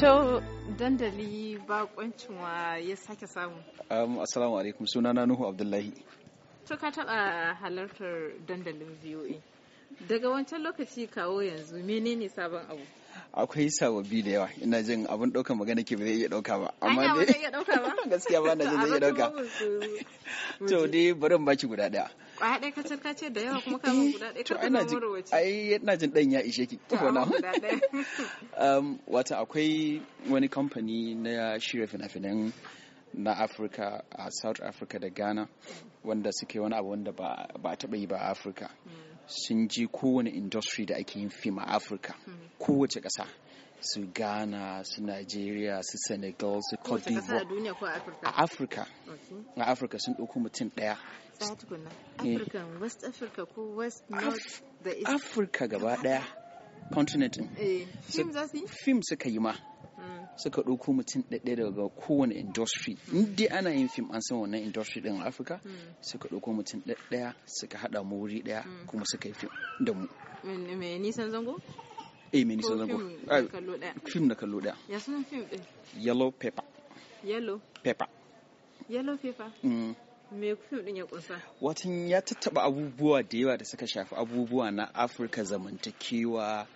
To dandali bakoncin wa ya sake samu. Um, Assalamu alaikum na Nuhu Abdullahi. To ka taɓa halartar dandalin VOA. Daga wancan lokaci kawo yanzu menene sabon abu? Akwai sababbi da yawa ina jin abin ɗaukar magana ke ba zai iya ɗauka ba. Amma dai gaskiya ba na jin zai iya ɗauka. To dai barin baki guda ɗaya. kwaya ɗaya kacal ka ce da yawa kuma kama eh, guda ɗaya to ana ji ai ina jin ɗan ya ishe ki ko na um, wata akwai wani kamfani na shirya fina-finan na afirka a south africa da ghana wanda suke wani abu wanda ba a taɓa yi ba a afirka mm. sun je kowane industry da ake yin fim a afirka hmm. kowace ƙasa su ghana su nigeria su senegal su cote d'ivoire a afirka a afirka sun ɗauko mutum ɗaya eh. west africa gaba ɗaya continent eh, fim suka yi ma suka ɗauko mutum ɗaɗɗaya daga kowane industry inda ana yin fim an san wannan industry ɗin afirka mm. suka ɗauko mutum ɗaya, suka haɗa mu wuri ɗaya mm. kuma suka yi fim da mu me nisan zango eh me nisan zango fim da ah, kallo ɗaya ya sunan fim ɗin yellow paper yellow paper yellow paper mm. me ya kunsa watan ya tattaba abubuwa da yawa da suka shafi abubuwa na afirka zamantakewa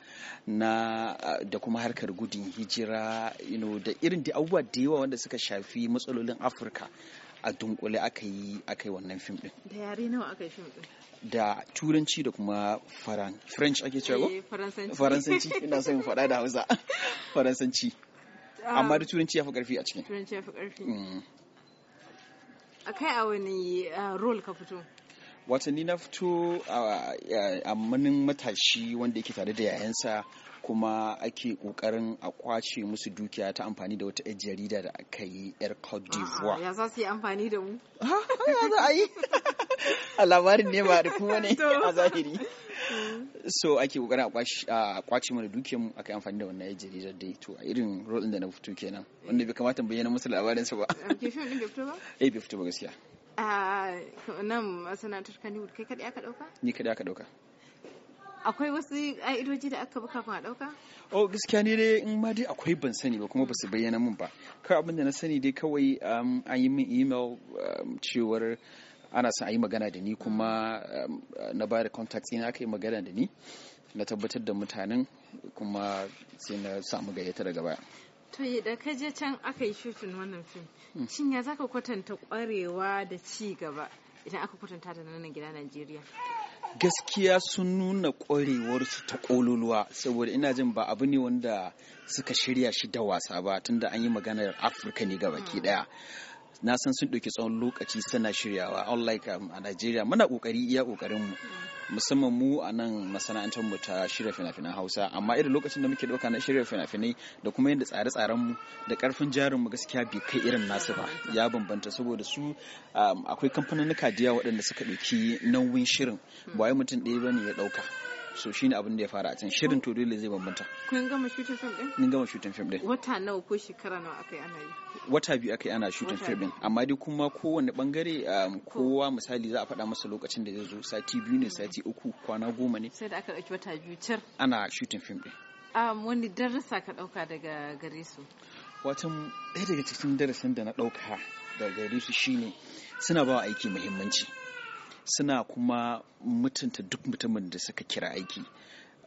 na da kuma harkar gudun hijira you know, da irin da abubuwa da yawa wanda suka shafi matsalolin afirka a dunkule aka yi aka yi wannan fim din da yare nawa aka yi fim din da turanci da kuma faran french ake cewa eh, faransanci faransanci ina son faɗa da hausa faransanci ah. amma da turanci ya fi ƙarfi a cikin turanci ya fi karfi mm. a kai a wani role ka fito watanni na fito a amanin matashi wanda yake tare da yayansa kuma ake kokarin a kwace musu dukiya ta amfani da wata 'yar jarida da aka yi 'yar Cote d'Ivoire. Ya za su yi amfani da mu? Ya za a yi? A labarin ne ba da kuma ne a zahiri. So ake kokarin a kwace mana dukiyar mu aka yi amfani da wannan 'yar jarida dai to a irin role da na fito kenan wanda bai kamata mu bayyana musu labarin sa ba. Eh, ke shi bai fito ba? Eh bai fito ba gaskiya. A ah, nan masana'antar Kannywood kai kaɗai aka ɗauka? Ni kaɗai aka ɗauka. akwai wasu ƙa'idoji da aka buka kafin a ɗauka? o oh, gaskiya ne dai in ma dai akwai ban sani ba kuma ba su bayyana min ba kawai abin na sani dai kawai um, an yi min email um, cewar ana son a yi magana da ni kuma um, na ba da contact ina aka yi magana da ni na tabbatar da mutanen kuma sai na samu gayyata daga baya to da ka je can aka yi shooting wannan fim hmm. shin ya zaka kwatanta kwarewa da ci gaba idan aka kwatanta da nan gida Najeriya gaskiya sun nuna ƙwarewarsu ta ƙololuwa saboda ina jin ba abu ne wanda suka shirya shi da wasa ba tunda an yi maganar afirka ne ga baki daya mm. na san sun ɗauki tsawon lokaci suna shiryawa unlike um, a Najeriya muna ƙoƙari iya ƙoƙarin mu musamman mu a nan masana'antar mu ta shirya fina-finan Hausa amma irin lokacin da muke ɗauka na shirya fina-finai da kuma yadda tsare-tsaren mu da ƙarfin jarin mu gaskiya bai kai irin nasu ba ya bambanta saboda su um, akwai kamfanin nika diya waɗanda suka ɗauki nauyin shirin ba mutum ɗaya bane ya ɗauka so shi ne abin da ya fara a can shirin to dole zai bambanta kun gama shooting film din mun gama shooting film din wata nawa ko shekara nawa akai ana yi wata biyu akai ana shooting film din amma dai kuma kowanne bangare um, kowa misali za a faɗa masa lokacin da zai zo sati biyu ne sati uku kwana goma ne sai da aka ɗauki wata biyu cir. ana shooting film din um, wani darasa ka ɗauka daga gare su watan ɗaya daga cikin darasin da na ɗauka daga gare su shine suna ba aiki muhimmanci suna kuma mutunta duk mutumin da suka kira aiki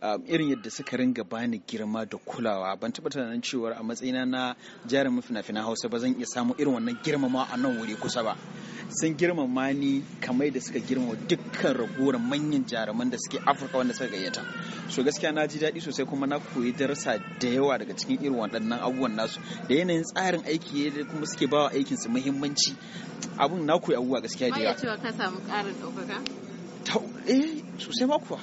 Um, irin yadda suka ringa bani girma da kulawa ban taɓa tunanin cewar a matsayina na jarin fina hausa ba zan iya samu irin wannan girmama a nan wuri kusa ba sun girmama ni kamar da suka girmama dukkan ragowar manyan jaruman da suke afirka wanda suka gayyata so gaskiya na ji daɗi sosai kuma na koyi darsa da yawa daga cikin irin waɗannan abubuwan nasu da yanayin tsarin aiki da kuma suke bawa aikin su muhimmanci abun na koyi abubuwa gaskiya da yawa. Ma ya ka samu ƙarin ɗaukaka? Eh sosai ma kuwa.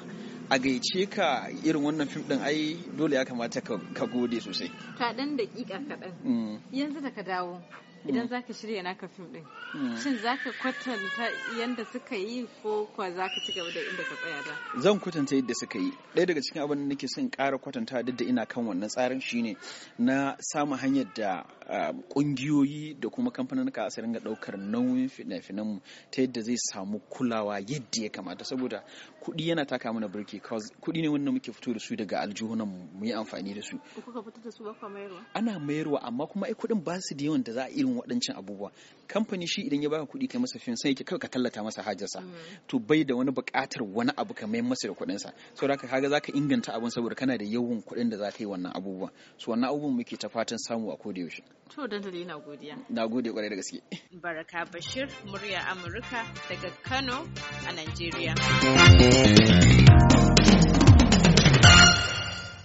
a gaice ka irin wannan fim din ai dole ya kamata ka gode sosai. Ka dan dakika kaɗan. Mm. Yanzu da ka dawo idan zaka shirya naka fim din hmm. shin zaka kwatanta yanda suka yi ko kwa zaka ci gaba da inda ka tsaya da zan kwatanta yadda suka yi ɗaya daga cikin abin da nake son ƙara kwatanta duk da ina kan wannan tsarin shine na samu hanyar da kungiyoyi ah, da kuma kamfanin ka asirin ga ɗaukar nauyin fina-finan mu ta yadda zai samu kulawa yadda ya kamata saboda kuɗi yana taka mana birki kuɗi ne wanda muke fito da su daga aljihunan mu yi amfani da su ana mayarwa amma kuma ai kuɗin ba su da yawan da za a irin samun waɗancan abubuwa kamfani shi idan ya baka kuɗi kai masa fim sai yake kawai ka tallata masa hajarsa mm-hmm. to bai da wani buƙatar wani abu ka mai masa da kuɗinsa saboda haka kaga zaka inganta abun saboda kana da yawan kuɗin da zaka yi wannan abubuwa so wannan abubuwan muke ta fatan samu a koda yaushe to dan da ina godiya na gode kwarai da gaske baraka bashir murya amurka daga kano a najeriya